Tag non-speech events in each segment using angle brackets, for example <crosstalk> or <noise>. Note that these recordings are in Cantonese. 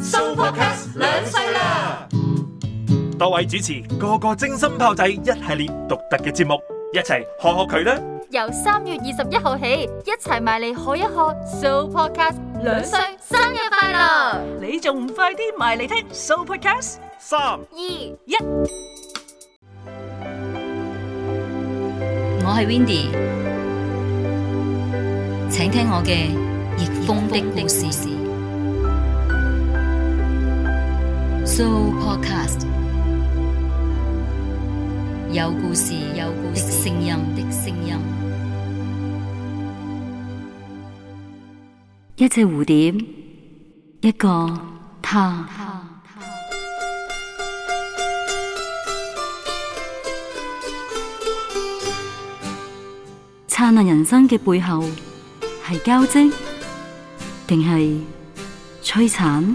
Sooopodcast 兩歲啦！多位主持個個精心炮製一系列獨特嘅節目，一齊學學佢啦！由三月二十一號起，一齊埋嚟學一學 Sooopodcast 兩歲，生日快樂！你仲唔快啲埋嚟聽 cast, 3, Sooopodcast 三二一，我係 Windy，請聽我嘅逆風的故事。So podcast 有故事，有聲音的聲音。聲音一隻蝴蝶，一個他。燦爛人生嘅背後，係交織定係摧殘？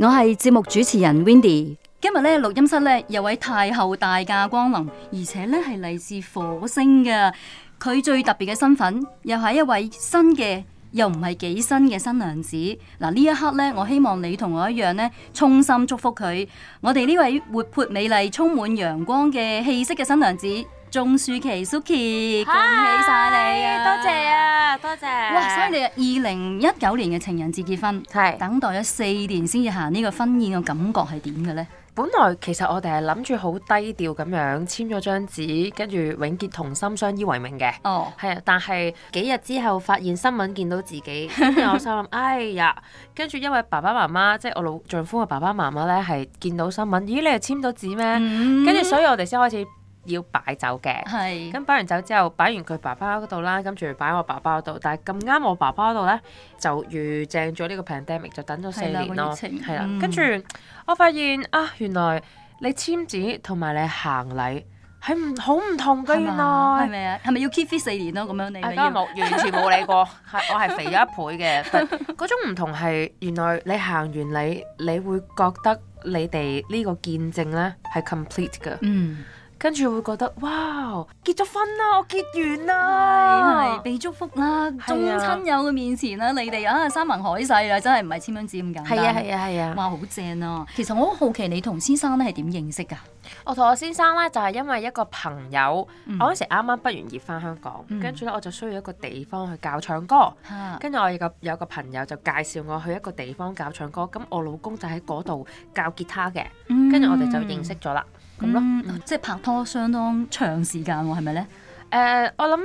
我係節目主持人 Wendy，今日咧，錄音室有位太后大駕光臨，而且咧，係嚟自火星嘅，佢最特別嘅身份又係一位新嘅，又唔係幾新嘅新娘子。嗱，呢一刻呢，我希望你同我一樣咧，衷心祝福佢。我哋呢位活潑美麗、充滿陽光嘅氣息嘅新娘子。中舒期 Suki，恭喜晒你！Hi，多謝啊，多謝！哇，以你二零一九年嘅情人節結婚，係是等待咗四年先至行呢個婚宴嘅感覺係點嘅咧？本來其實我哋係諗住好低調咁樣簽咗張紙，跟住永結同心、相依為命嘅。哦，係啊，但係幾日之後發現新聞，見到自己，跟住我心諗 <laughs> 哎呀！跟住因為爸爸媽媽，即、就、係、是、我老丈夫嘅爸爸媽媽咧，係見到新聞，咦你係簽咗紙咩？跟住、嗯、所以我哋先開始。要擺酒嘅，係咁是擺完酒之後，擺完佢爸爸嗰度啦，跟住擺我爸爸嗰度，但係咁啱我爸爸嗰度咧就遇正咗呢個 pandemic，就等咗四年咯，係啦。跟住的、嗯、我發現啊，原來你簽紙同埋你行禮係唔好唔同嘅。嗎原來係咪啊？係咪要 keep 四年咯？咁樣你而家冇完全冇理過， <laughs> 我係肥咗一倍嘅。嗰 <laughs> 種唔同係原來你行完禮，你會覺得你哋呢個見證咧係 complete 嘅。嗯跟住會覺得哇，結咗婚啦，我結完啦，係被祝福啦，中親友嘅面前啦，你哋啊，山盟、啊、海誓啦，真係唔係千蚊紙咁簡單。係啊係啊係啊，啊啊哇，好正啊！其實我好好奇你同先生咧係點認識㗎？我同我先生咧就係、是、因為一個朋友，嗯、我嗰時啱啱畢完業翻香港，跟住咧我就需要一個地方去教唱歌，跟住、啊、我有個有個朋友就介紹我去一個地方教唱歌，咁我老公就喺嗰度教吉他嘅，跟住、嗯嗯、我哋就認識咗啦。咁咯，嗯、即係拍拖相當長時間喎、哦，係咪咧？誒，uh, 我諗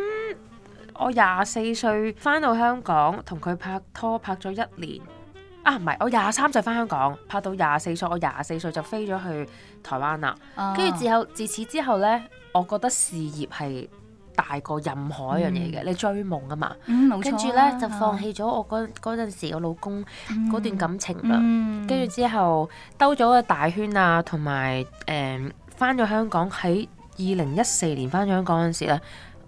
我廿四歲翻到香港，同佢拍拖拍咗一年。啊，唔係，我廿三歲翻香港拍到廿四歲，我廿四歲就飛咗去台灣啦。跟住之後，自此之後咧，我覺得事業係大過任何一樣嘢嘅。Mm. 你追夢啊嘛，跟住咧就放棄咗我嗰嗰陣時我老公嗰段感情啦。跟住、mm. 嗯、之後兜咗個大圈啊，同埋誒。嗯翻咗香港喺二零一四年翻咗香港嗰陣時咧，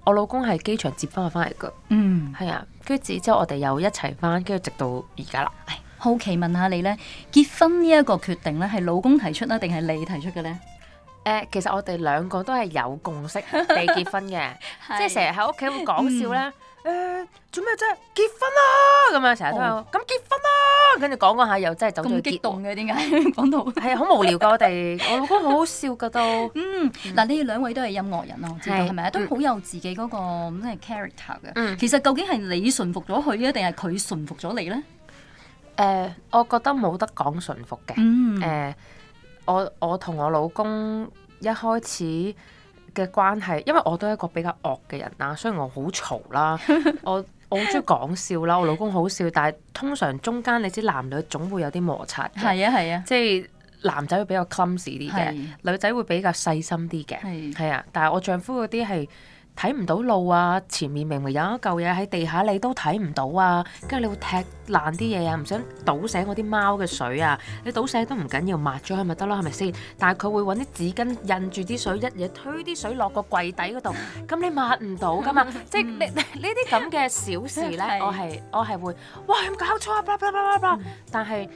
我老公係機場接翻我翻嚟噶，嗯，係啊，跟住之後我哋又一齊翻，跟住直到而家啦。好奇問下你咧，結婚呢一個決定咧，係老公提出啦，定係你提出嘅咧？誒、呃，其實我哋兩個都係有共識地結婚嘅， <laughs> 即係成日喺屋企會講笑咧。嗯誒，做咩啫？結婚啦，咁樣成日都咁結婚啦，跟住講嗰下又真係走到結。咁激動嘅？點解？講到係好無聊㗎，我哋，我老公好好笑㗎都。嗯，嗱，你哋兩位都係音樂人啊，我知道，係咪啊？都好有自己嗰個咁嘅 character 嘅。其實究竟係你順服咗佢咧，定係佢順服咗你咧？誒，我覺得冇得講順服嘅。誒，我我同我老公一開始。嘅關係，因為我都係一個比較惡嘅人啦，雖然我好嘈啦，我我好中意講笑啦，我老公好笑，但係通常中間你知男女總會有啲摩擦，係啊係啊，啊即係男仔會比較 clumsy 啲嘅，女仔會比較細心啲嘅，係係啊，啊，但係我丈夫嗰啲係。睇唔到路啊！前面明明有一嚿嘢喺地下，你都睇唔到啊！跟住你會踢爛啲嘢啊！唔想倒醒我啲貓嘅水啊！你倒醒都唔緊要，抹咗佢咪得咯，係咪先？但係佢會揾啲紙巾印住啲水，一嘢推啲水落個櫃底嗰度。咁你抹唔到噶嘛？即係呢啲咁嘅小事呢， <laughs> 是我係我係會哇咁搞錯啊、嗯！但係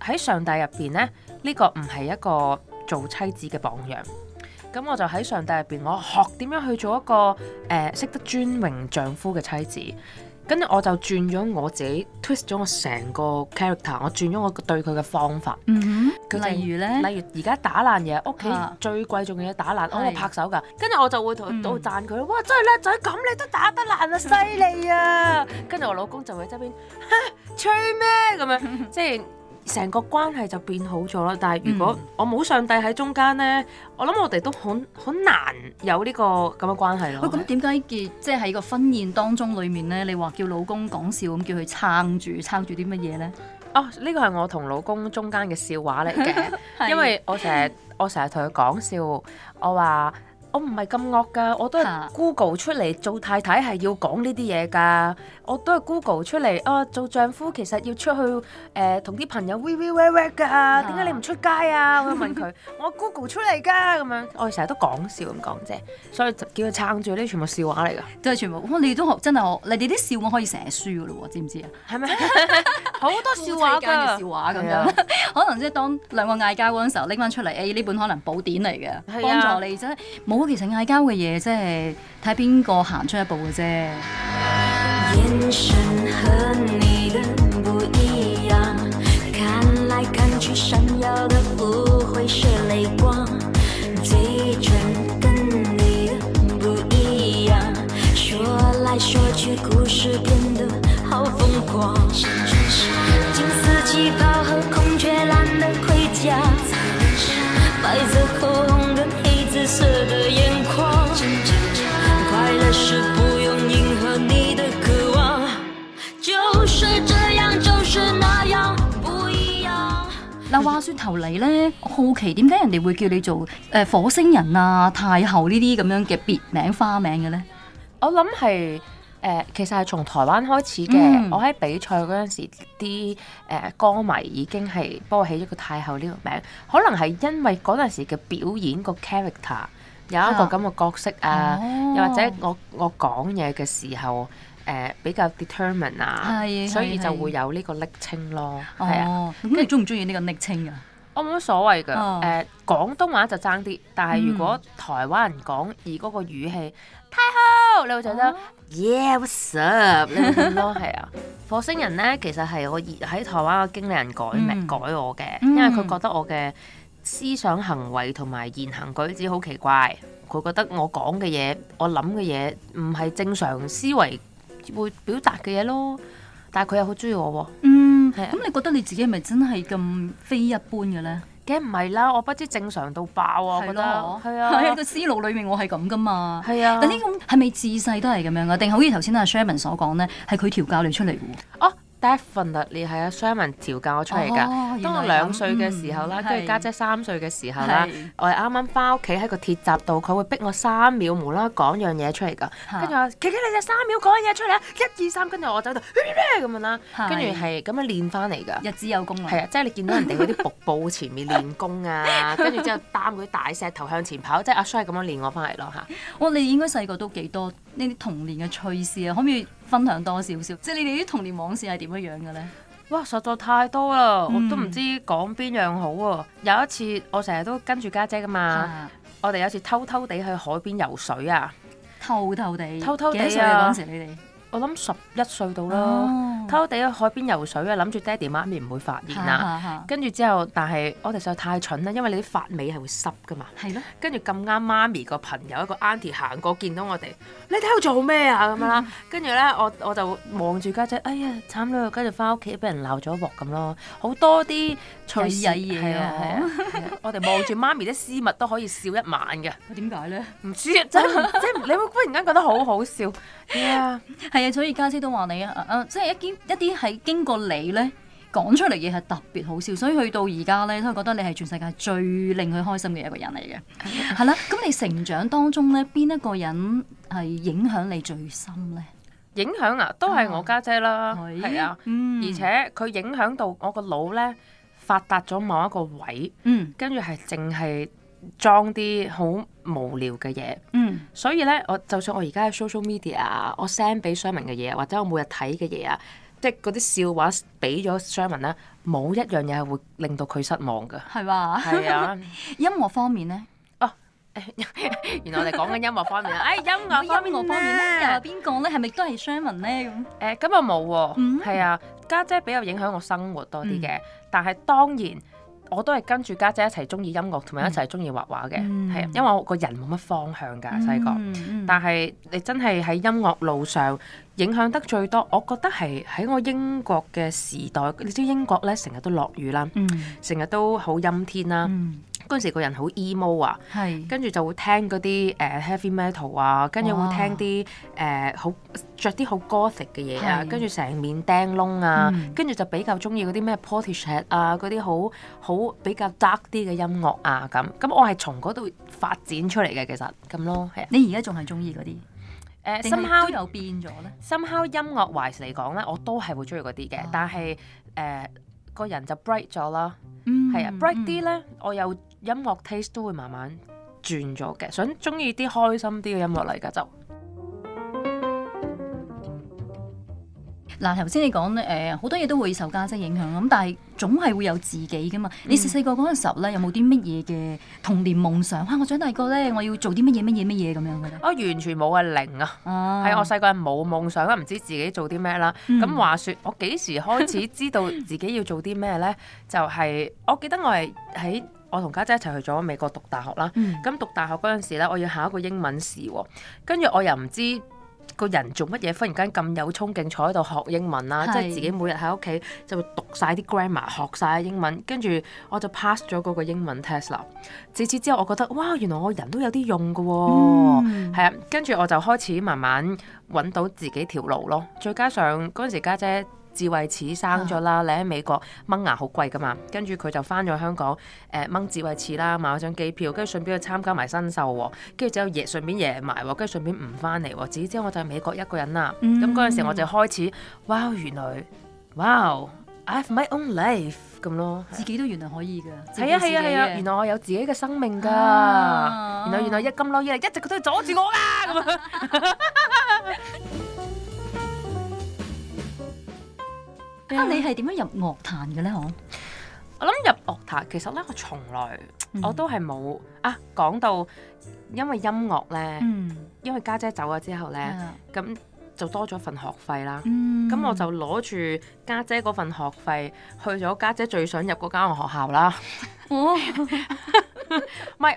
喺上帝入邊呢，呢、這個唔係一個做妻子嘅榜樣。咁我就喺上帝入邊，我學點樣去做一個誒識、呃、得尊榮丈夫嘅妻子，跟住我就轉咗我自己，twist 咗我成個 character，我轉咗我對佢嘅方法。嗯哼，就例如咧，例如而家打爛嘢，屋企最貴重嘅嘢打爛，啊、我都拍手噶。跟住我就會同佢讚佢，嗯、哇真係叻仔，咁你都打得爛啊，犀利啊！跟住我老公就會喺側邊吹咩咁樣，即係。成個關係就變好咗啦，但係如果我冇上帝喺中間呢，嗯、我諗我哋都好好難有呢個咁嘅關係咯。喂、哦，咁點解結即係喺個婚宴當中裡面呢，你話叫老公講笑咁，叫佢撐住撐住啲乜嘢呢？哦，呢個係我同老公中間嘅笑話嚟嘅， <laughs> 是因為我成日我成日同佢講笑，我話。我唔係咁惡噶，我都係 Google 出嚟做太太係要講呢啲嘢噶，我都係 Google 出嚟啊做丈夫其實要出去誒同啲朋友 we we we we 噶，點解你唔出街啊？我問佢， <laughs> 我 Google 出嚟噶咁樣， <laughs> 我成日都講笑咁講啫，所以叫佢撐住，呢全部笑話嚟噶，都係全部。你都學真係，你哋啲笑話我可以成書噶咯，知唔知啊？係咪？好多笑話噶。可能即係當兩個嗌交嗰陣時候，拎翻出嚟，哎呢本可能寶典嚟嘅，幫助你啫。冇，是啊，其實嗌交嘅嘢即係睇邊個行出一步嘅啫。.嗱、 <noise> 嗯， <noise> 話說頭嚟呢，好奇點解人哋會叫你做誒火星人啊、太后呢啲咁樣嘅別名、花名嘅呢？我諗係。誒，其實係從台灣開始嘅。嗯、我喺比賽嗰陣時，啲誒歌迷已經係幫我起咗個太后呢個名。可能係因為嗰陣時嘅表演個 character 有一個咁嘅角色啊，啊哦、又或者我我講嘢嘅時候誒、呃、比較 determined 啊，所以就會有呢個昵稱咯。係、哦、啊，咁、嗯、你中唔中意呢個昵稱啊？我冇乜所謂㗎。誒、哦啊，廣東話就爭啲，但係如果台灣人講而嗰個語氣，太后。你會做得 Yes sir，咁咯係啊，火星人咧，其實係我喺台灣個經理人改名、mm. 改我嘅，因為佢覺得我嘅思想行為同埋言行舉止好奇怪，佢覺得我講嘅嘢，我諗嘅嘢唔係正常思維會表達嘅嘢咯。但係佢又好中意我喎。Mm. 啊、嗯，係咁，你覺得你自己係咪真係咁非一般嘅咧？梗係唔係啦，我不知正常到爆啊！係啦，我覺得我係啊，啊，啊，喺個思路裏面，我係咁噶嘛。係啊，但呢種係咪自細都係咁樣啊？定係好似頭先阿 Sherman 所講咧，係佢調教你出嚟嘅喎。啊 Stephen 嗱，你係啊 Sherman 調教我出嚟㗎。Oh, 當我兩歲嘅時候啦，跟住家姐三歲嘅時候啦，是我係啱啱翻屋企喺個鐵閘度，佢會逼我三秒無啦講樣嘢出嚟㗎。跟住是我，琪琪你只三秒講嘢出嚟啊！一、二、三，跟住我走到咩咁是樣啦？跟住係咁樣練翻嚟㗎。日子有功㗎。係啊，即係你見到人哋嗰啲瀑布前面練功啊，跟住之後擔佢大石頭向前跑，即係阿 Sherman 咁 <laughs> 樣練我翻嚟咯吓？我哋、oh, 應該細個都幾多呢啲童年嘅趣事啊？可唔可以？分享多少少，即係你哋啲童年往事係點樣樣嘅咧？哇，實在太多啦，我都唔知講邊樣好喎。嗯、有一次我成日都跟住家姐㗎嘛，啊、我哋有一次偷偷地去海邊游水啊，偷偷地，偷偷地幾歲嗰、啊、時你哋？我諗十一歲到啦。啊偷偷地去海邊游水啊！諗住爹哋媽咪唔會發現啦。跟住之後，但係我哋實在太蠢啦，因為你啲髮尾係會濕噶嘛。係咯。跟住咁啱，媽咪個朋友一個 auntie 行過，見到我哋，你睇我做咩啊咁啦。跟住咧，我我就望住家姐，哎呀，慘啦，跟住翻屋企俾人鬧咗一鑊咁咯。好多啲趣嘢啊！我哋望住媽咪啲絲襪都可以笑一晚嘅。點解咧？唔知，即係即係，你會忽然間覺得好好笑。係啊，係啊，所以家姐都話你啊，即係一件一啲係經過你咧，講出嚟嘢係特別好笑，所以去到而家咧，都係覺得你係全世界最令佢開心嘅一個人嚟嘅，係啦。 <laughs> 咁你成長當中咧，邊一個人係影響你最深咧？影響啊，都係我家姐啦，係、嗯、啊，嗯、而且佢影響到我個腦咧發達咗某一個位，嗯，跟住係淨係裝啲好無聊嘅嘢，嗯。所以咧，我就算我而家 social media，我 send 俾水明嘅嘢，或者我每日睇嘅嘢啊。即係嗰啲笑話俾咗 Sherman 咧，冇一樣嘢係會令到佢失望嘅，係嘛吧？係啊， <laughs> 音樂方面咧，哦， <laughs> 原來我哋講緊音樂方面啦，誒、 <laughs> 哎，音樂方面咧，又話邊個咧？係咪都係 Sherman 咧？咁誒、欸，咁啊冇喎，係啊，家、嗯啊、姐姐比較影響我生活多啲嘅，嗯、但係當然。我都係跟住家姐，姐一齊中意音樂，同埋一齊中意畫畫嘅，係、嗯、因為我個人冇乜方向㗎細個。但係你真係喺音樂路上影響得最多，我覺得係喺我英國嘅時代，你知英國咧成日都落雨啦，成日、嗯、都好陰天啦。嗯嗰陣時個人好 emo 啊，跟住就會聽嗰啲誒 heavy metal 啊，跟住會聽啲誒好着啲好 gothic 嘅嘢啊，跟住成面釘窿啊，跟住就比較中意嗰啲咩 poetry 啊，嗰啲好好比較 dark 啲嘅音樂啊咁。咁我係從嗰度發展出嚟嘅，其實咁咯。你而家仲係中意嗰啲誒？somehow 有變咗咧？somehow 音樂 wise 嚟講咧，我都係會中意嗰啲嘅，但係誒個人就 bright 咗啦。嗯，啊 bright 啲咧，我又。音樂 taste 都會慢慢轉咗嘅，想中意啲開心啲嘅音樂嚟噶就。嗱，頭先你講誒好多嘢都會受家姐影響啊，咁但係總係會有自己噶嘛。嗯、你細細個嗰陣時候咧，有冇啲乜嘢嘅童年夢想啊？我長大個咧，我要做啲乜嘢乜嘢乜嘢咁樣嘅咧？我完全冇啊，零啊，係、啊、我細個冇夢想啦，唔知自己做啲咩啦。咁、嗯、話說，我幾時開始知道自己要做啲咩咧？ <laughs> 就係、是、我記得我係喺。我同家姐一齊去咗美國讀大學啦，咁、嗯、讀大學嗰陣時咧，我要考一個英文試，跟住我又唔知個人做乜嘢，忽然間咁有衝勁坐喺度學英文啦、啊，是即係自己每日喺屋企就會讀晒啲 grammar，學晒英文，跟住我就 pass 咗嗰個英文 test 啦。自此之後，我覺得哇，原來我人都有啲用噶，係、嗯、啊，跟住我就開始慢慢搵到自己條路咯。再加上嗰陣時家姐。智慧齒生咗啦，你喺、啊、美國掹牙好貴噶嘛，跟住佢就翻咗香港誒掹、呃、智慧齒啦，買咗張機票，跟住順便去參加埋新秀，跟住就順贏後贏，順便贏埋，跟住順便唔翻嚟，之後我就喺美國一個人啦。咁嗰陣時我就開始，哇原來，哇 I have my own life 咁咯，自己都原來可以噶，係啊係啊係啊，啊啊原來我有自己嘅生命㗎，然後、啊啊、原，原來一金嬲嘢一直佢都得阻住我㗎、啊、咁。 <laughs> Yeah. 啊！你係點樣入樂壇嘅咧？嗬，我諗入樂壇其實咧，我從來我都係冇啊講到因為音樂咧，嗯、因為家姐走咗之後咧，咁、嗯、就多咗份學費啦。咁、嗯、我就攞住家姐嗰份學費去咗家姐最想入嗰間學校啦。唔係、哦， <laughs>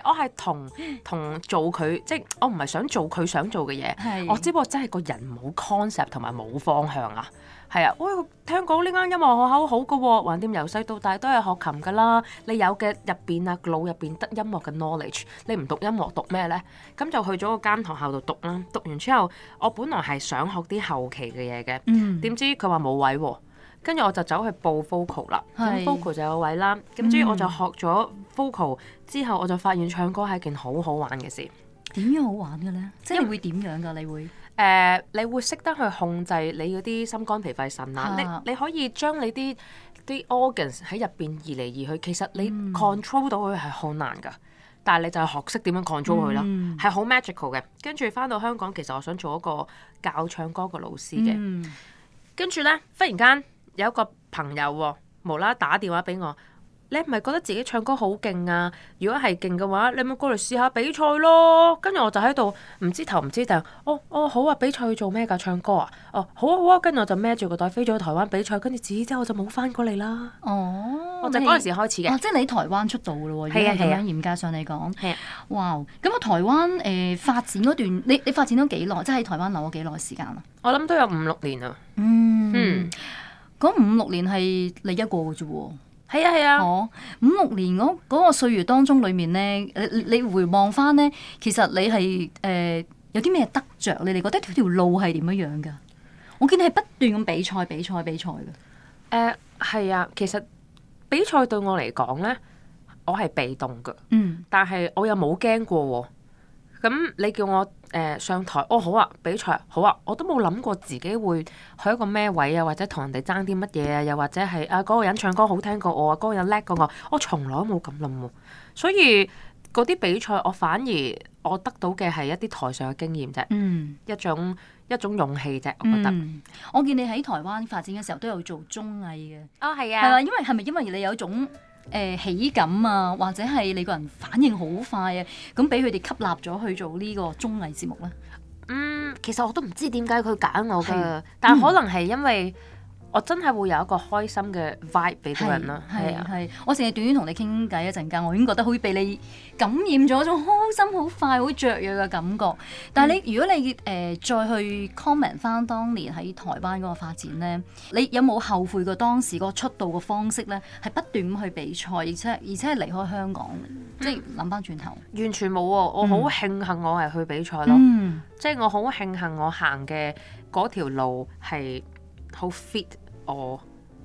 <laughs> 我係同同做佢，即係我唔係想做佢想做嘅嘢。是我只不過真係個人冇 concept 同埋冇方向啊。係啊，喂、哎，聽講呢間音樂學校好嘅喎、哦，橫掂由細到大都係學琴噶啦。你有嘅入邊啊，腦入邊得音樂嘅 knowledge，你唔讀音樂讀咩咧？咁就去咗個間學校度讀啦。讀完之後，我本來係想學啲後期嘅嘢嘅，點知佢話冇位、啊，跟住我就走去報 vocal 啦。咁 vocal 就有位啦。咁之、嗯、我就學咗 vocal 之後，我就發現唱歌係件好好玩嘅事。點樣好玩嘅咧？即係會點樣噶？為你會？誒，uh, 你會識得去控制你嗰啲心肝脾肺腎啊！Uh. 你你可以將你啲啲 organs 喺入邊移嚟移去，其實你 control 到佢係好難噶。但係你就係學識點樣 control 佢囉，係好、mm. magical 嘅。跟住翻到香港，其實我想做一個教唱歌嘅老師嘅。跟住咧，忽然間有一個朋友、喔、無啦啦打電話俾我。你唔係覺得自己唱歌好勁啊！如果係勁嘅話，你咪過嚟試下比賽咯。跟住我就喺度唔知頭唔知就，哦哦好啊！比賽去做咩㗎？唱歌啊？哦好啊好啊！跟住、啊、我就孭住個袋飛咗去台灣比賽，跟住之後我就冇返過嚟啦。哦，我就嗰時開始嘅、啊。即係你台灣出道嘅咯喎，咁啊，嚴格上嚟講。係啊。啊哇！咁啊，台灣誒、呃、發展嗰段，你你發展咗幾耐？即係喺台灣留咗幾耐時間啊？我諗都有五六年啦。嗯。嗯。五六年係你一個嘅啫喎。係啊係啊、哦，五六年嗰、那、嗰個歲、那個、月當中裏面咧，你你，你回望翻咧，其實你係誒、呃、有啲咩得着？你哋覺得條路係點樣樣噶我見你係不斷咁比賽比賽比賽嘅，誒係、呃、啊，其實比賽對我嚟講咧，我係被動噶，嗯，但係我又冇驚過、哦，咁你叫我。誒上台哦，好啊，比賽好啊，我都冇諗過自己會去一個咩位啊，或者同人哋爭啲乜嘢啊，又或者係啊嗰個人唱歌好聽過我啊，嗰個人叻過我，我、啊、從來都冇咁諗，所以嗰啲比賽我反而我得到嘅係一啲台上嘅經驗啫，嗯、一種一種勇氣啫，嗯、我覺得。我見你喺台灣發展嘅時候都有做綜藝嘅，哦係啊，係啊，因為係咪因為你有一種？誒喜感啊，或者係你個人反應好快啊，咁俾佢哋吸納咗去做呢個綜藝節目咧。嗯，其實我都唔知點解佢揀我嘅，的但可能係因為。我真係會有一個開心嘅 vibe 俾到人咯，係係嗎。我成日短短同你傾偈一陣間，我已經覺得可以被你感染咗一種開心、好快、好雀躍嘅感覺。但係你、嗯、如果你誒、呃、再去 comment 翻當年喺台灣嗰個發展咧，你有冇後悔過當時個出道嘅方式咧？係不斷咁去比賽，而且而且係離開香港，即係諗翻轉頭，完全冇喎。我好慶幸我係去比賽咯，即係、嗯、我好慶幸我行嘅嗰條路係好 fit。我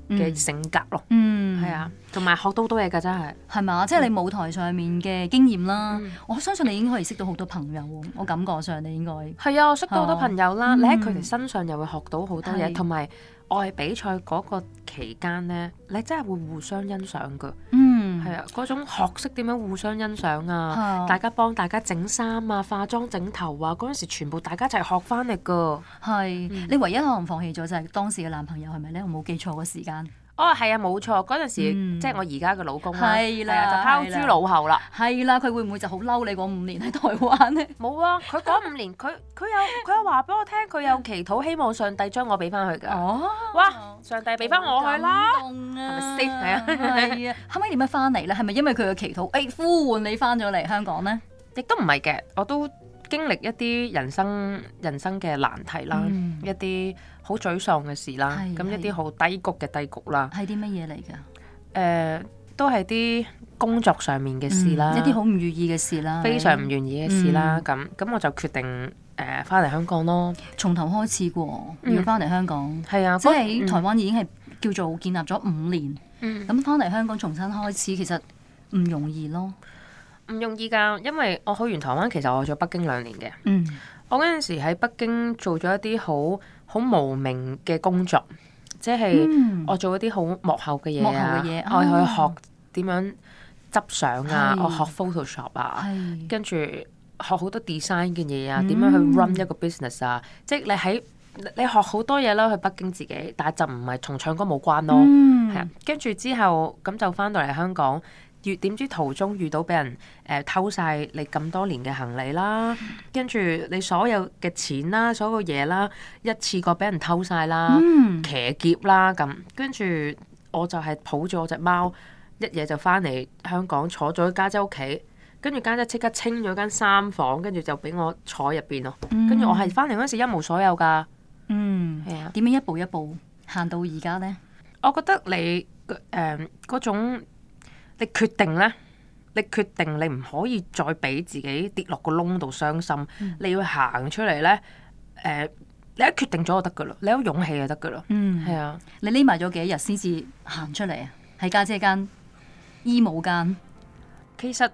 嘅性格咯，嗯，係啊，同埋學到好多嘢噶真係，係咪啊？即係你舞台上面嘅經驗啦。嗯、我相信你已經可以識到好多朋友，我感覺上你應該係啊，我識到好多朋友啦。嗯、你喺佢哋身上又會學到好多嘢，同埋、嗯、我喺比賽嗰個期間咧，你真係會互相欣賞噶。嗯係啊，嗰種學識點樣互相欣賞啊，啊大家幫大家整衫啊、化妝、整頭啊，嗰陣時全部大家一齊學翻嚟噶。係是，嗯、你唯一可能放棄咗就係當時嘅男朋友係咪咧？我冇記錯個時間。哦，係啊，冇錯，嗰、那、陣、個、時、嗯、即係我而家嘅老公啦，係啦、啊啊，就拋諸腦後啦，係啦、啊，佢會唔會就好嬲你嗰五年喺台灣呢？冇啊，佢嗰五年，佢佢 <laughs> 有佢有話俾我聽，佢有祈禱，希望上帝將我俾翻佢噶。哦，哇，上帝俾翻我，我去啦，係咪？係啊，係啊。後尾點解翻嚟咧？係咪、 <laughs> 啊、因為佢嘅祈禱誒、哎、呼喚你翻咗嚟香港咧？亦都唔係嘅，我都。經歷一啲人生人生嘅難題啦，嗯、一啲好沮喪嘅事啦，咁一啲好低谷嘅低谷啦。係啲乜嘢嚟㗎？誒、呃，都係啲工作上面嘅事啦，嗯、一啲好唔如意嘅事啦，非常唔願意嘅事啦。咁咁、嗯、我就決定誒，翻、呃、嚟香港咯，從頭開始喎。要翻嚟香港係、嗯、啊，所以台灣已經係叫做建立咗五年。嗯，咁翻嚟香港重新開始，其實唔容易咯。唔容易噶，因為我去完台灣，其實我去咗北京兩年嘅。嗯，我嗰陣時喺北京做咗一啲好好無名嘅工作，即係我做一啲好幕後嘅嘢啊，我去學點樣執相啊，是我學 Photoshop 啊，是跟住學好多 design 嘅嘢啊，點是樣去 run 一個 business 啊，嗯、即係你喺你學好多嘢啦，去北京自己，但係就唔係同唱歌冇關咯。係啊、嗯，跟住之後咁就翻到嚟香港。越點知途中遇到俾人誒、呃、偷晒你咁多年嘅行李啦，跟住你所有嘅錢啦，所有嘢啦，一次過俾人偷晒啦，嗯、騎劫啦咁，跟住我就係抱住我隻貓，一嘢就翻嚟香港，坐咗家姐屋企，跟住家姐即刻清咗間三房，跟住就俾我坐入邊咯。嗯、跟住我係翻嚟嗰時一無所有噶，嗯，係啊，點樣一步一步行到而家咧？我覺得你誒嗰、呃、種。你決定咧，你決定你唔可以再俾自己跌落個窿度傷心，你要行出嚟咧。誒，你一決定咗就得噶啦，你有勇氣就得噶啦。嗯，係啊。你匿埋咗幾日先至行出嚟啊？喺家姐間衣帽間，其實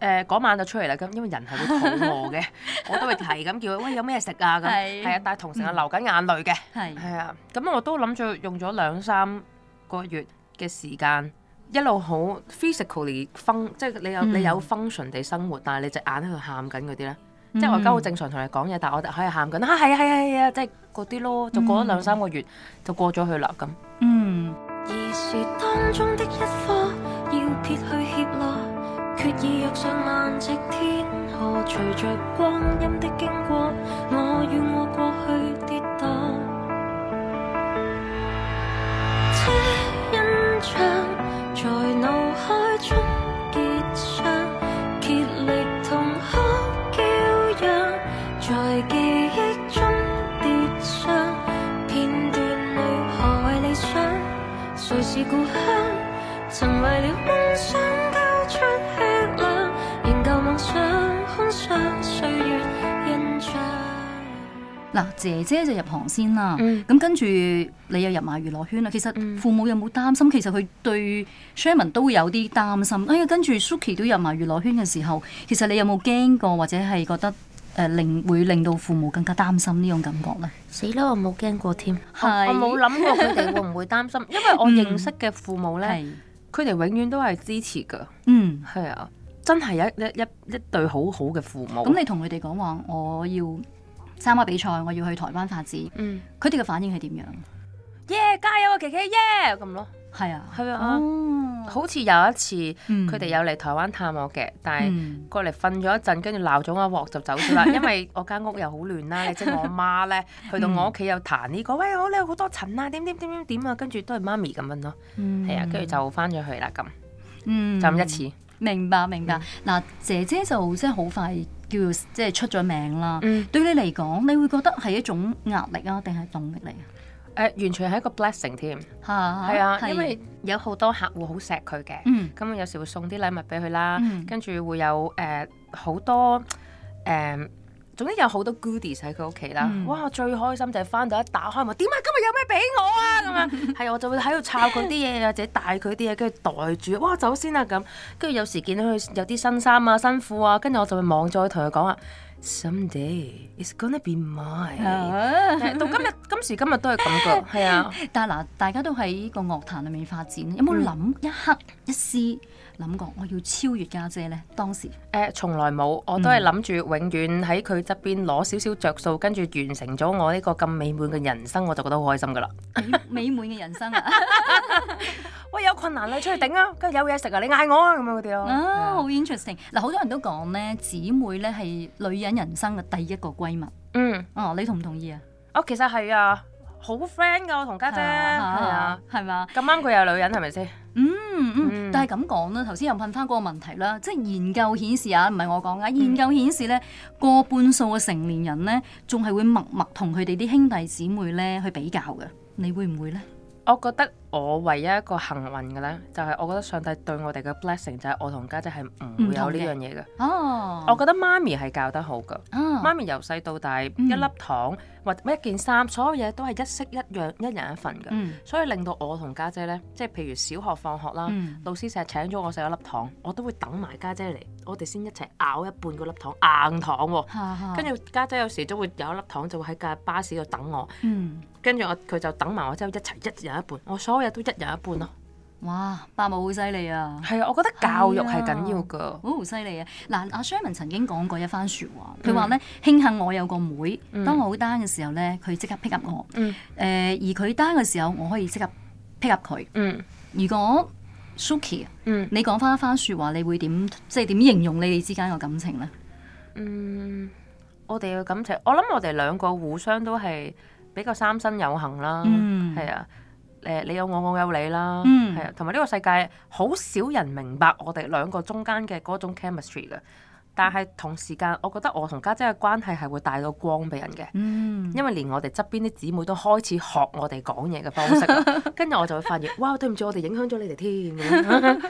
誒嗰晚就出嚟啦。咁因為人係會肚餓嘅，我都會提咁叫佢，喂，有咩食啊？咁係啊。但係同時啊流緊眼淚嘅，係係啊。咁我都諗住用咗兩三個月嘅時間。一路好 physically fun，即係你有你有 function 地生活，但係你隻眼喺度喊緊嗰啲咧，即係我而家好正常同你講嘢，但係我哋喺度喊緊。啊係啊係啊係啊，即係嗰啲咯，就過咗兩三個月就過咗去啦咁。嗯。故鄉，曾為了夢想交出血量，仍舊妄想空想，歲月印章。嗱，姐姐就入行先啦，咁、嗯、跟住你又入埋娛樂圈啦。其實父母有冇擔心？其實佢對 Sherman 都會有啲擔心。哎呀，跟住 Suki 都入埋娛樂圈嘅時候，其實你有冇驚過或者係覺得？誒、呃，令會令到父母更加擔心呢種感覺咧？死啦，我冇驚過添是，我冇諗過佢哋會唔會擔心， <laughs> 因為我認識嘅父母咧，佢哋、嗯、永遠都係支持噶。嗯，係啊，真係一一一一對好好嘅父母。咁你同佢哋講話，我要參加比賽，我要去台灣發展。嗯，佢哋嘅反應係點樣？耶！加油琪琪！耶，咁咯，係啊，係啊，好似有一次佢哋有嚟台灣探我嘅，但係過嚟瞓咗一陣，跟住鬧咗一鑊就走咗啦，因為我間屋又好亂啦。你知我媽咧，去到我屋企又彈呢個，喂，我你有好多塵啊，點點點點點啊，跟住都係媽咪咁樣咯，係啊，跟住就返咗去啦咁，就咁一次。明白，明白。嗱，姐姐就即係好快叫即係出咗名啦。嗯，對你嚟講，你會覺得係一種壓力啊，定係動力嚟啊？誒、呃、完全係一個 blessing 添，係啊，啊的因為有好多客戶好錫佢嘅，咁有時會送啲禮物俾佢啦，嗯、跟住會有誒好、呃、多誒、呃，總之有好多 goodies 喺佢屋企啦。嗯、哇，最開心就係翻到一打開門，點解、啊、今日有咩俾我啊咁啊？係 <laughs> 我就會喺度抄佢啲嘢，或者帶佢啲嘢，跟住袋住，哇先走先啦咁。跟住有時見到佢有啲新衫啊、新褲啊，跟住我就會望再同佢講啊。Someday it's gonna be mine. <laughs> 到今日今時今日都係感覺係啊，但係嗱，大家都喺個樂壇裏面發展，有冇諗、嗯、一刻一絲？諗過我要超越家姐,姐呢？當時誒，從、呃、來冇，我都係諗住永遠喺佢側邊攞少少着數，跟住完成咗我呢個咁美滿嘅人生，我就覺得好開心噶啦。美滿嘅人生啊！ <laughs> <laughs> 喂，有困難你出去頂啊！跟住有嘢食啊，你嗌我啊！咁樣嗰啲啊，好 interesting、啊。嗱 Yeah.，好多人都講呢，姊妹呢係女人人生嘅第一個閨蜜。嗯，哦，你同唔同意啊？哦，其實係啊。好 friend 噶我同家姐，姐，係啊，係嘛、啊，咁啱佢有女人係咪先？是是嗯嗯，但係咁講啦，頭先又問翻嗰個問題啦，即係研究顯示啊，唔係我講啊，研究顯示咧，嗯、過半數嘅成年人咧，仲係會默默同佢哋啲兄弟姊妹咧去比較嘅，你會唔會咧？我覺得。我唯一一個幸運嘅咧，就係我覺得上帝對我哋嘅 blessing 就係我同家姐係唔會有呢樣嘢嘅。哦，我覺得媽咪係教得好㗎。嗯，媽咪由細到大一粒糖或一件衫，所有嘢都係一式一樣，一人一份嘅。所以令到我同家姐咧，即係譬如小學放學啦，老師成日請咗我食一粒糖，我都會等埋家姐嚟，我哋先一齊咬一半嗰粒糖，硬糖喎。跟住家姐有時都會有一粒糖，就會喺架巴士度等我。跟住我佢就等埋我之後一齊一人一半。我所都一人一半咯，啊！哇，伯母好犀利啊！係啊，我覺得教育係緊要噶。好犀利啊！嗱、啊，阿、啊、Sherman 曾經講過一番說話，佢話咧，慶幸我有個妹，當我好單嘅時候咧，佢即刻 pick up 我。誒、嗯呃，而佢單嘅時候，我可以即刻 pick up 佢。嗯。如果 Suki，嗯、你講翻一番說話，你會點，即係點形容你哋之間嘅感情咧？嗯，我哋嘅感情，我諗我哋兩個互相都係比較三生有幸啦。嗯，係啊。誒，你有我，我有你啦，係啊、mm.，同埋呢個世界好少人明白我哋兩個中間嘅嗰種 chemistry 嘅，但係同時間，我覺得我同家姐嘅關係係會帶到光俾人嘅，mm. 因為連我哋側邊啲姊妹都開始學我哋講嘢嘅方式，跟住 <laughs> 我就會發現，哇，對唔住，我哋影響咗你哋添， <laughs> <laughs>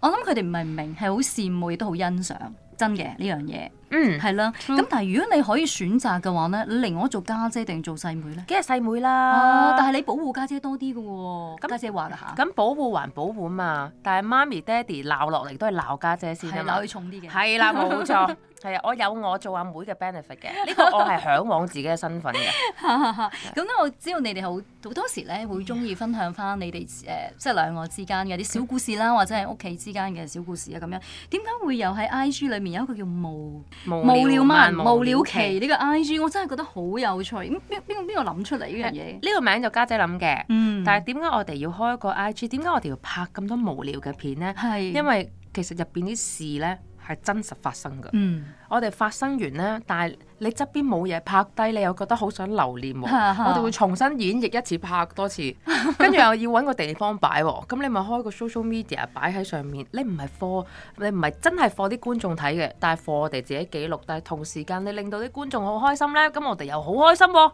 我諗佢哋唔係唔明，係好羨慕亦都好欣賞，真嘅呢樣嘢。嗯，係啦。咁但係如果你可以選擇嘅話咧，你寧可做家姐定做細妹咧？梗係細妹啦。啊、但係你保護家姐，姐多啲嘅喎。家、嗯、姐話下，咁、嗯嗯嗯、保護還保護嘛，但係媽咪爹哋鬧落嚟都係鬧家姐先啦。鬧佢重啲嘅。係啦，冇錯。係啊，我有我做阿妹嘅 benefit 嘅。呢個我係嚮往自己嘅身份嘅。咁咧 <laughs> は，對 eland 我知道你哋好好多時咧會中意分享翻你哋誒即係兩個之間嘅啲小故事啦，或者係屋企之間嘅小故事啊咁樣。點解會有喺 IG 裏面有一個叫冇？無聊嗎，無聊期，呢個 I G，我真係覺得好有趣。咁邊邊邊個諗出嚟呢樣嘢？呢個名就家姐諗嘅。嗯，但係點解我哋要開一個 I G？點解我哋要拍咁多無聊嘅片咧？係是因為其實入邊啲事咧。係真實發生噶，嗯、我哋發生完咧，但係你側邊冇嘢拍低，你又覺得好想留念，哦。 <laughs> 我哋會重新演繹一次，拍多次，跟住又要揾個地方擺，哦。咁你咪開個 social media 擺喺上面。你唔係 for，你唔係真係 for 啲觀眾睇嘅，但係 for 我哋自己記錄。但係同時間你令到啲觀眾好開心咧，咁我哋又好開心，哦，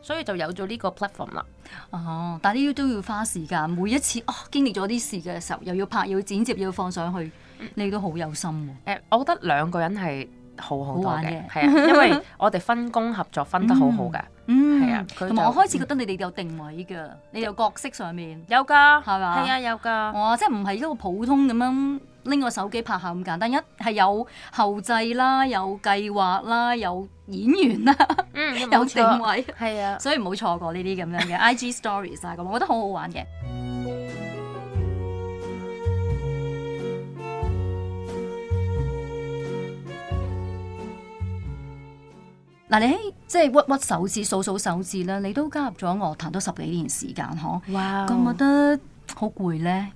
所以就有咗呢個 platform 啦。哦，啊，但係呢啲都要花時間。每一次哦經歷咗啲事嘅時候，又要拍，又要剪接，又要放上去。你都好有心嘅。誒，我覺得兩個人係好好玩嘅，係啊，因為我哋分工合作分得好好嘅。嗯，係啊。同埋我開始覺得你哋有定位嘅，你哋有角色上面有㗎，係嘛？係啊，有㗎。我即係唔係一個普通咁樣拎個手機拍下咁簡單？而係有後製啦，有計劃啦，有演員啦，有定位，係啊。所以唔好錯過呢啲咁樣嘅 IG stories 啊，我覺得好好玩嘅。嗱，啊、你喺即係屈屈手指、數數手指啦，你都加入咗樂壇都十幾年時間，嗬 Wow.？哇！覺唔覺得好攰咧？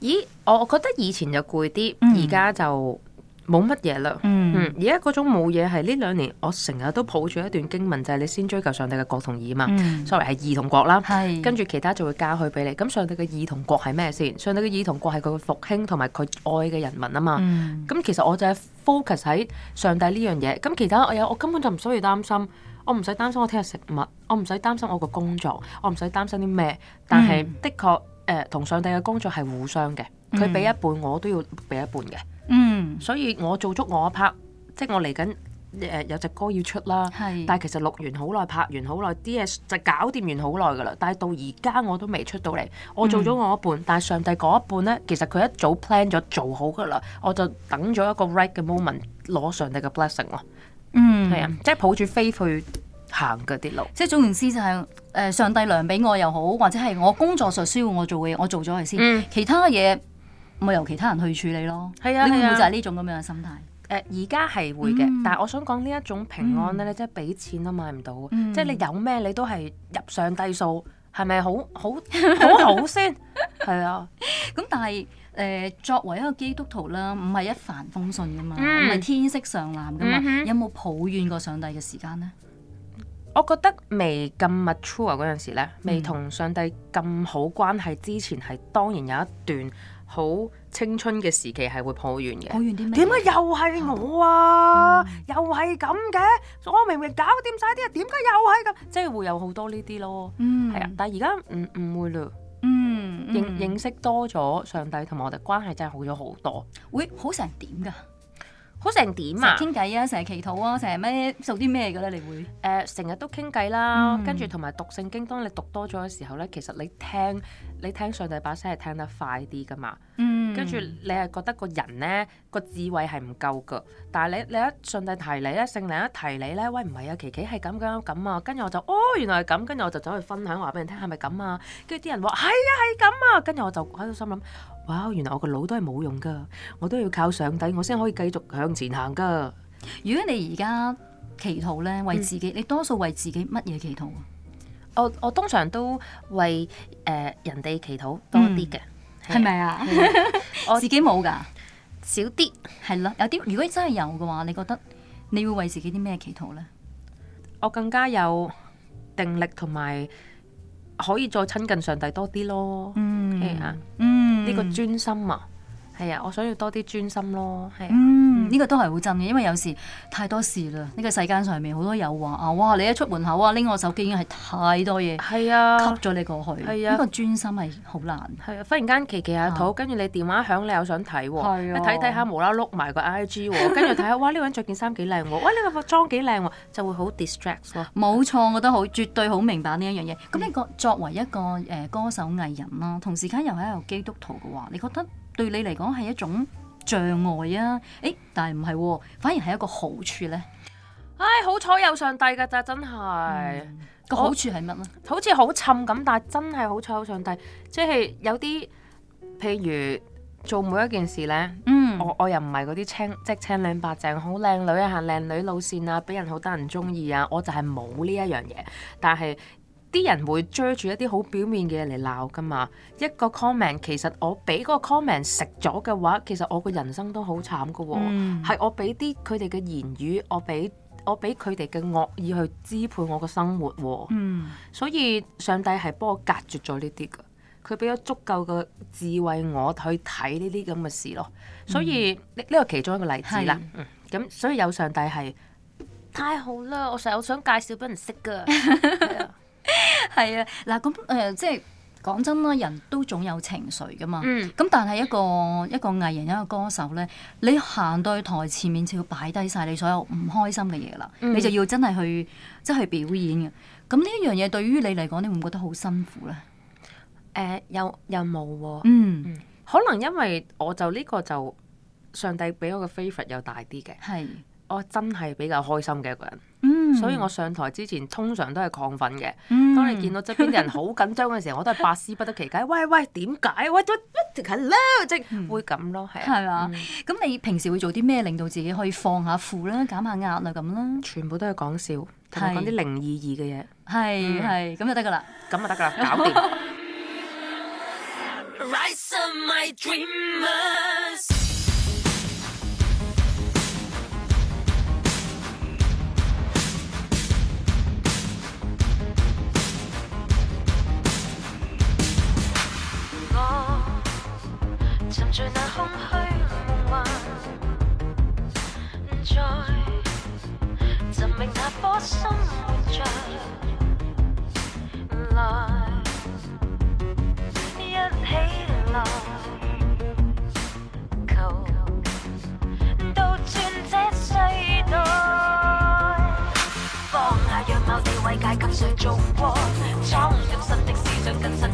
咦，我覺得以前就攰啲，而家、嗯、就～冇乜嘢啦。而家嗰種冇嘢係呢兩年，我成日都抱住一段經文，就係、是、你先追求上帝嘅國同義嘛。嗯、Sorry，係義同國啦，是跟住其他就會加去俾你。咁上帝嘅義同國係咩先？上帝嘅義同國係佢嘅復興同埋佢愛嘅人民啊嘛。咁、嗯、其實我就係 focus 喺上帝呢樣嘢。咁其他我有，我根本就唔需要擔心，我唔使擔心我聽日食物，我唔使擔心我個工作，我唔使擔心啲咩。但係的確，誒、嗯，同、呃、上帝嘅工作係互相嘅。佢俾、嗯、一半，我都要俾一半嘅。嗯，所以我做足我一 part 即係我嚟緊誒有隻歌要出啦。是但係其實錄完好耐，拍完好耐，啲嘢就搞掂完好耐噶啦。但係到而家我都未出到嚟。我做咗我一半，嗯、但係上帝嗰一半咧，其實佢一早 plan 咗做好噶啦。我就等咗一個 right 嘅 moment，攞上帝嘅 blessing 咯。嗯，係啊，即係抱住 faith 去行嘅啲路。即係總言之就係誒，上帝良俾我又好，或者係我工作上需要我做嘅嘢，我做咗係先。嗯、其他嘢。咪由其他人去處理咯，係啊，會唔會就係呢種咁樣嘅心態？誒，而家係會嘅，但係我想講呢一種平安咧，嗯、即係俾錢都買唔到、嗯、即係你有咩你都係入上帝數，係咪好好，好好先？係 <laughs> 啊，咁 <laughs> 但係誒、呃，作為一個基督徒啦，唔係一帆風順噶嘛，唔係、嗯、天色常藍噶嘛，嗯、哼 有冇抱怨過上帝嘅時間呢？我覺得未咁 mature 嗰陣時咧，未同上帝咁好關係之前，係當然有一段。好青春嘅時期係會抱怨嘅，抱怨啲咩？點解，又係我啊，嗯、又係咁嘅，我明明搞掂晒啲，點解又係咁？即係會有好多呢啲咯，係、嗯、啊，但係而家唔唔會啦，嗯嗯、認認識多咗上帝同埋我哋關係真係好咗好多，會好成點噶？好成點啊！成日傾偈啊，成日祈禱啊，成日咩做啲咩嘅咧？你會誒成日都傾偈啦，跟住同埋讀聖經。當你讀多咗嘅時候咧，其實你聽你聽上帝把聲係聽得快啲噶嘛。跟住、嗯、你係覺得個人咧個智慧係唔夠噶，但係你你一上帝提你咧，聖靈一提你咧，喂唔係啊，琪琪係咁嘅咁啊。跟住我就哦原來係咁，跟住我就走去分享話俾人聽係咪咁啊？跟住啲人話係啊係咁啊，跟住、啊啊啊、我就喺度、啊啊、心諗。哇！原來我個腦都係冇用噶，我都要靠上帝，我先可以繼續向前行噶。如果你而家祈禱咧，為自己，嗯、你多數為自己乜嘢祈禱？我我通常都為誒、呃、人哋祈禱多啲嘅，係咪啊？我自己冇噶，少啲係咯。有啲如果真係有嘅話，你覺得你會為自己啲咩祈禱咧？我更加有定力同埋，可以再親近上帝多啲咯，嗯，啊，嗯，呢個專心啊。係啊，我想要多啲專心咯。啊、嗯，呢、嗯、個都係好真嘅，因為有時太多事啦。呢、這個世間上面好多誘惑啊！哇，你一出門口啊，拎我手機已經係太多嘢，係啊，吸咗你過去。係啊，呢個專心係好難。係啊，忽然間，琪琪阿土，跟住你電話響，你又想睇喎。睇睇、啊、下，無啦啦碌埋個 I G，跟住睇下，哇，呢、這個人着件衫幾靚喎，呢、這個服裝幾靚喎，就會好 distract 咯。冇錯，我都好，絕對好明白呢一樣嘢。咁你個作為一個誒歌手藝人啦，同時間又係一個基督徒嘅話，你覺得？對你嚟講係一種障礙啊！誒、欸，但係唔係，反而係一個好處呢。唉、哎，好彩有上帝㗎咋，真係。個、嗯嗯、好處係乜呢？好似好襯咁，但係真係好彩有上帝，即、就、係、是、有啲譬如做每一件事呢，嗯，我我又唔係嗰啲青即青靚白淨、好靚女啊、行靚女路線啊，俾人好得人鍾意啊，我就係冇呢一樣嘢，但係。啲人會追住一啲好表面嘅嘢嚟鬧噶嘛？一個 comment 其實我俾嗰個 comment 食咗嘅話，其實我個人生都好慘噶喎、哦。係、嗯、我俾啲佢哋嘅言語，我俾我俾佢哋嘅惡意去支配我個生活喎、哦。嗯、所以上帝係幫我隔絕咗呢啲噶，佢俾咗足夠嘅智慧，我去睇呢啲咁嘅事咯。所以呢呢個其中一個例子啦。咁的所以有上帝係太好啦，我成日我想介紹俾人識噶。 <laughs> <laughs> 係啊，嗱咁誒，即係講真啦，人都總有情緒噶嘛。咁、嗯、但係一個一個藝人一個歌手咧，你行到去台前面，就要擺低晒你所有唔開心嘅嘢啦。嗯、你就要真係去即係表演嘅。咁呢一樣嘢對於你嚟講，你會唔覺得好辛苦咧？誒、嗯，又又冇喎。嗯，嗯可能因為我就呢個就上帝俾我嘅 favorite 又大啲嘅，係，我真係比較開心嘅一個人。嗯所以我上台之前通常都係亢奮嘅。嗯、當你見到側邊人好緊張嘅時候，嗯、我都係百思不得其解。喂喂，點解？喂喂、嗯，即係即係會咁咯，係啊，係嘛、啊？咁、嗯、你平時會做啲咩令到自己可以放下負啦、減下壓啊咁啦？全部都係講笑同埋講啲零意義嘅嘢，係係咁就得㗎喇，咁就得㗎喇，搞掂。 <laughs> 在那空虛夢幻，在尋覓那顆心活着，來一起來，求倒轉這世代，放下樣貌地位階級誰做過，闖入新的思想跟新。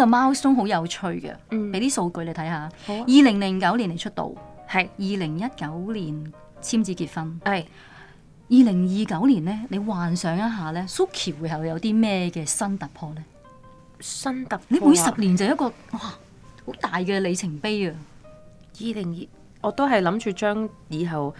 個 milestone 好有趣嘅，俾啲數據你睇下。二零零九年嚟出道，係二零一九年簽字結婚，係二零二九年咧。你幻想一下咧，Suki 會係有啲咩嘅新突破咧？新突，你每十年就一個哇，好大嘅里程碑啊！二零二，我都係諗住將以後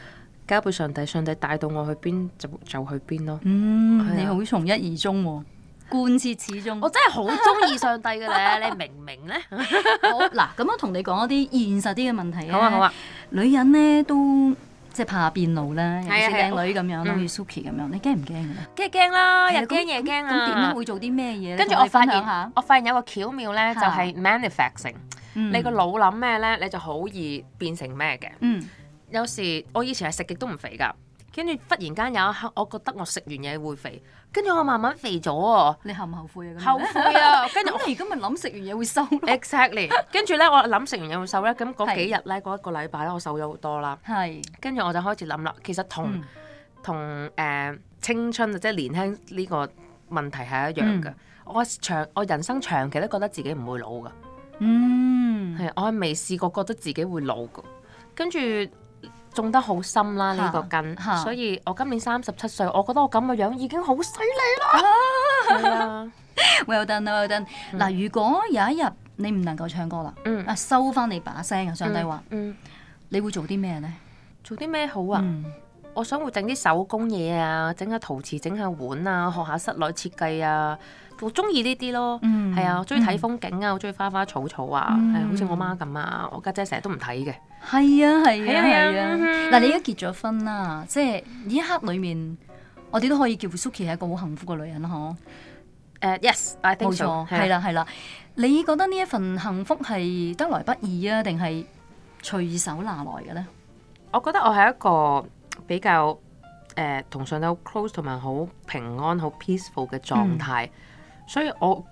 交俾上帝，上帝帶到我去邊就就去邊咯。嗯，啊、你好從一而終喎、啊。貫徹始終，我真係好中意上帝嘅咧！你明唔明咧？好，嗱咁樣同你講一啲現實啲嘅問題。好啊好啊，女人咧都即係怕變老啦，似靚女咁樣，好似 Suki 咁樣，你驚唔驚嘅？驚驚啦，又驚嘢驚啊！咁點樣會做啲咩嘢？跟住我發現，我發現有個巧妙咧，就係 manifesting。你個腦諗咩咧，你就好易變成咩嘅。有時我以前係食極都唔肥㗎。跟住忽然間有一刻，我覺得我食完嘢會肥，跟住我慢慢肥咗喎。你後唔後、啊、後悔啊？ <laughs> 後悔啊！跟住我而家咪諗食完嘢會瘦咯。Exactly。跟住咧，我諗食完嘢會瘦咧，咁嗰幾日咧，嗰一是個禮拜咧，我瘦咗好多啦。係是。跟住我就開始諗啦，其實同是、嗯、同誒、uh, 青春即係年輕呢個問題係一樣嘅。嗯、我長我人生長期都覺得自己唔會老噶。嗯。係，我係未試過覺得自己會老噶。跟住。種得好深啦呢哈個根。哈所以我今年三十七歲，我覺得我咁嘅樣，樣已經好犀利啦。啊、啦 <laughs> Well done，well done。嗱、嗯，如果有一日你唔能夠唱歌啦，啊、嗯、收翻你把聲啊，上帝話，嗯嗯、你會做啲咩咧？做啲咩好啊？嗯我想會整啲手工嘢啊，整下陶瓷，整下碗啊，學下室內設計啊，我中意呢啲咯。嗯，係啊，我中意睇風景啊，嗯、我中意花花草草啊，係啊、嗯哎，好似我媽咁啊，我家姐成日都唔睇嘅。係啊，係啊，係啊。嗱，你而家結咗婚啦，即係呢一刻裏面，我哋都可以叫 Suki 係一個好幸福嘅女人咯。嗬、uh, yes, so。誒，Yes，I think 冇錯，係啦係啦。你覺得呢一份幸福係得來不易啊，定係隨手拿來嘅咧？我覺得我係一個。比較誒同、呃、上帝好 close 同埋好平安好 peaceful 嘅狀態，狀態，嗯、所以我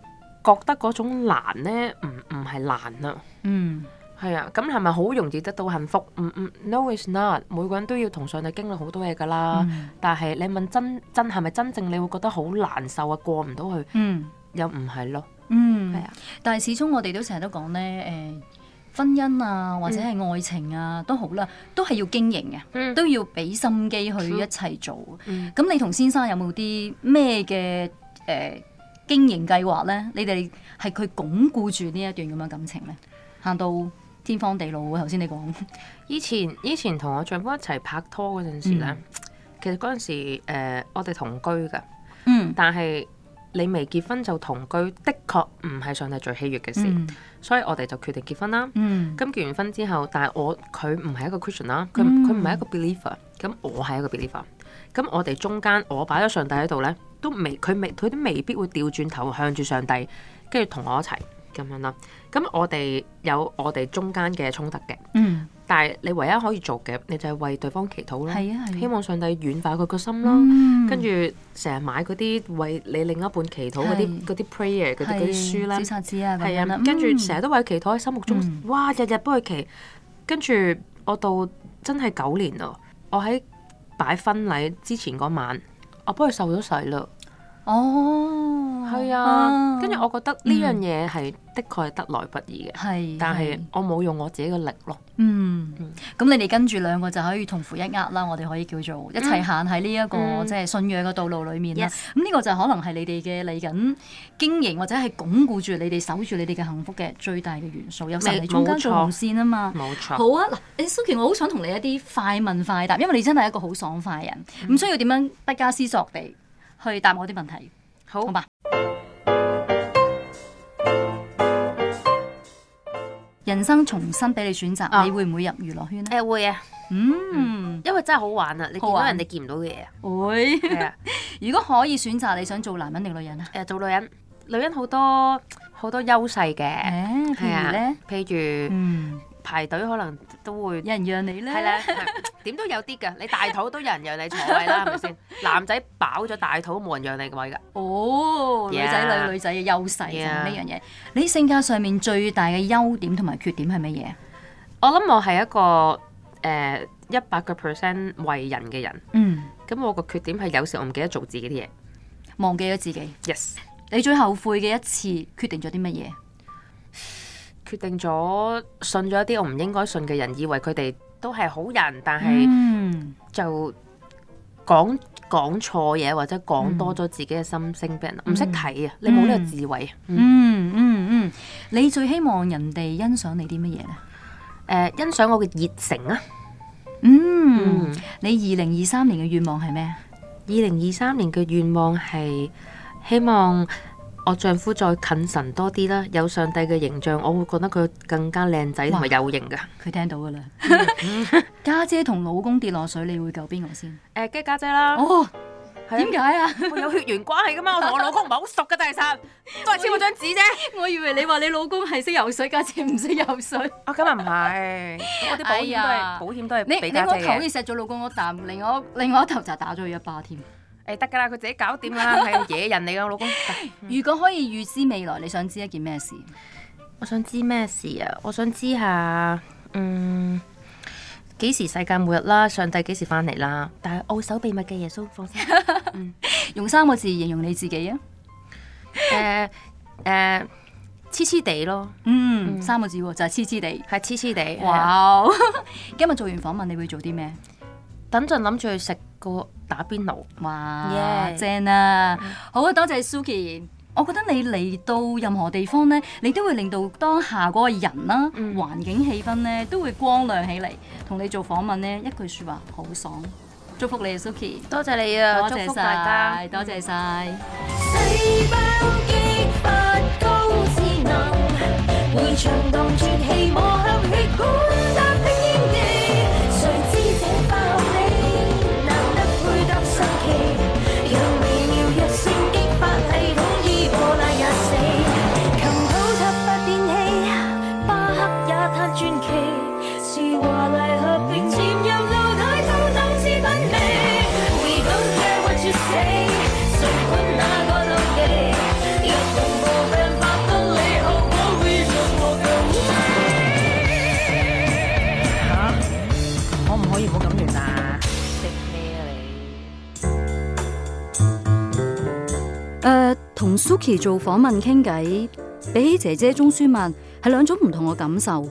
覺得嗰種難咧，唔唔係難啊，嗯係啊。咁係咪好容易得到幸福？唔唔，no it's not，每個人都要同上帝經歷好多嘢噶啦，嗯、但係你問真真係咪真正你會覺得好難受啊，過唔到去，嗯又唔係咯，嗯係啊。但係始終我哋都成日都講咧誒，呃婚姻啊，或者係愛情啊，嗯、都好啦，都係要經營嘅，嗯、都要俾心機去一齊做。咁、嗯、你同先生有冇啲咩嘅誒經營計劃呢？你哋係佢鞏固住呢一段咁嘅感情呢？行到天荒地老啊！頭先你講，以前以前同我丈夫一齊拍拖嗰陣時呢，嗯、其實嗰陣時、呃、我哋同居噶，嗯，但係。你未結婚就同居，的確唔係上帝最喜悅嘅事，嗯、所以我哋就決定結婚啦。咁、嗯、結完婚之後，但係我佢唔係一個 Christian 啦，佢佢唔係一個 believer，咁我係一個 believer，咁我哋中間我擺咗上帝喺度咧，都未佢未佢都未必會調轉頭向住上帝，跟住同我一齊咁樣啦。咁我哋有我哋中間嘅衝突嘅。嗯但係你唯一可以做嘅，你就係為對方祈禱啦，啊啊啊、希望上帝軟化佢個心啦。嗯、跟住成日買嗰啲為你另一半祈禱嗰啲啲 prayer 嗰啲嗰啲書啦。係啊，啊嗯、跟住成日都為佢祈禱，喺心目中、嗯、哇，日日幫佢祈。跟住我到真係九年咯，我喺擺婚禮之前嗰晚，我幫佢受咗洗啦。哦，係啊！跟住我覺得呢樣嘢係的確係得來不易嘅，但係我冇用我自己嘅力咯。嗯，咁你哋跟住兩個就可以同負一軛啦。我哋可以叫做一齊行喺呢一個即係信仰嘅道路裡面啦。咁呢個就可能係你哋嘅嚟緊經營或者係鞏固住你哋守住你哋嘅幸福嘅最大嘅元素。有神喺中間做導線啊嘛，冇錯。好啊，嗱，Suki，我好想同你一啲快問快答，因為你真係一個好爽快人，唔需要點樣不加思索地。去答我啲問題，好，好嘛吧？人生重新俾你選擇，哦、你會唔會入娛樂圈咧？誒會啊，嗯，嗯，因為真係好玩啊，玩你見到人哋見唔到嘅嘢、哎、啊。會 <laughs> 如果可以選擇，你想做男人定女人啊？誒做女人，女人好多好多優勢嘅，譬、啊、如咧，譬、啊、如嗯。排隊可能都會有人讓你咧，係啦，點都有啲噶。你大肚都有人讓你坐位啦，係咪先？男仔飽咗大肚都冇人讓你坐位㗎。哦、oh, Yeah,，女仔女女仔嘅優勢就呢樣嘢。Yeah. 你性格上面最大嘅優點同埋缺點係乜嘢？我諗我係一個誒一百個 percent 為人嘅人。嗯，咁我個缺點係有時我唔記得做自己啲嘢，忘記咗自己。Yes，你最後悔嘅一次決定咗啲乜嘢？決定咗信咗一啲我唔應該信嘅人，以為佢哋都係好人，但係就講講錯嘢或者講多咗自己嘅心聲俾人，唔識睇啊！你冇呢個智慧啊！嗯嗯嗯，你最希望人哋欣賞你啲乜嘢咧？誒、呃，欣賞我嘅熱誠啊！嗯，嗯你二零二三年嘅願望係咩啊？二零二三年嘅願望係希望。我丈夫再近神多啲啦，有上帝嘅形象，我會覺得佢更加靚仔同埋有型噶。佢聽到噶啦。家姐同老公跌落水，你會救邊個先？誒、哎，梗係家姐啦。哦，點解啊？我有血緣關係噶嘛，我同我老公唔係好熟噶，其實都係簽過張紙啫。 <laughs> 我以為你話你老公係識游水，家姐唔識游水。啊、 <laughs> 哦，咁啊唔係。我啲保險、哎、呀保險都係俾家姐嘅。你頭好似錫咗老公一啖，另外另外一頭就打咗佢一巴添。誒，得噶啦，佢自己搞掂啦，係 <laughs> 野人嚟噶，我老公。啊、如果可以預知未來，你想知一件咩事？我想知咩事啊？我想知下、啊，嗯，幾時世界末日啦？上帝幾時翻嚟啦？但係奧守秘密嘅耶穌，放心、 <laughs> 嗯。用三個字形容你自己啊？誒誒、呃，痴痴地咯，嗯，三個字、啊、就係痴痴地，係痴痴地。好，Wow <laughs> 今日做完訪問，你會做啲咩？ <laughs> 等陣諗住去食個打邊爐耶，哇 Yeah. 正啊！Mm hmm. 好啊，多謝 Suki。我覺得你嚟到任何地方呢，你都會令到當下嗰個人啦、啊、mm hmm. 環境氣氛呢，都會光亮起嚟。同你做訪問呢，一句説話好爽。祝福你啊，Suki！多謝你啊，多謝晒！多謝曬。嗯 <music> Suki 做訪問傾偈，比起姐姐鍾舒漫，係兩種唔同嘅感受。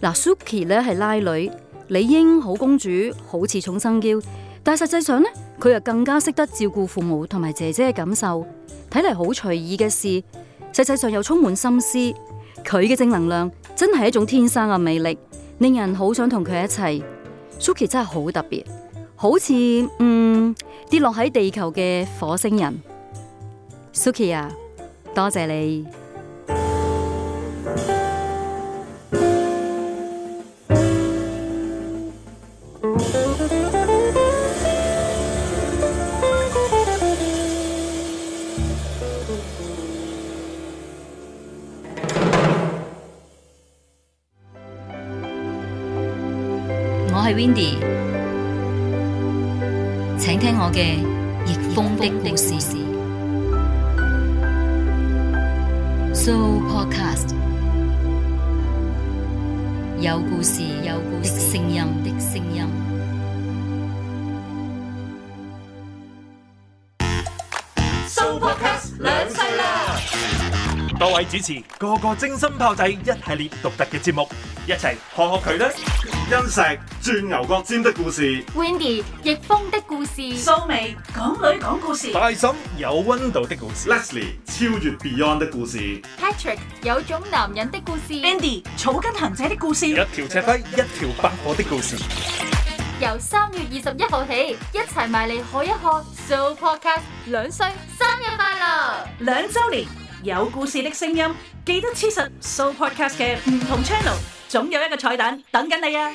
嗱，Suki 咧係拉女，理應好公主，好恃寵生驕，但係實際上咧，佢又更加識得照顧父母同埋姐姐嘅感受。睇嚟好隨意嘅事，實際上又充滿心思。佢嘅正能量真係一種天生嘅魅力，令人好想同佢一齊。Suki 真係好特別，好似嗯跌落喺地球嘅火星人。Suki 啊，多謝你！我係 Windy，請聽我嘅逆風的故事。主持個個精心炮製一系列獨特嘅節目，一齊學學佢啦！欣石鑽牛角尖的故事，Windy 逆風的故事，蘇眉港女講故事，大嬸有温度的故事，Leslie 超越 Beyond 的故事，Patrick 有種男人的故事，Andy 草根行者的故事，一條赤飛一條白火的故事。由三月二十一號起，一齊埋嚟學一學 Sooopodcast 兩歲生日快樂兩周年。有故事的聲音，記得黐實 Sooo Podcast 嘅唔同 channel，總有一個彩蛋等緊你啊！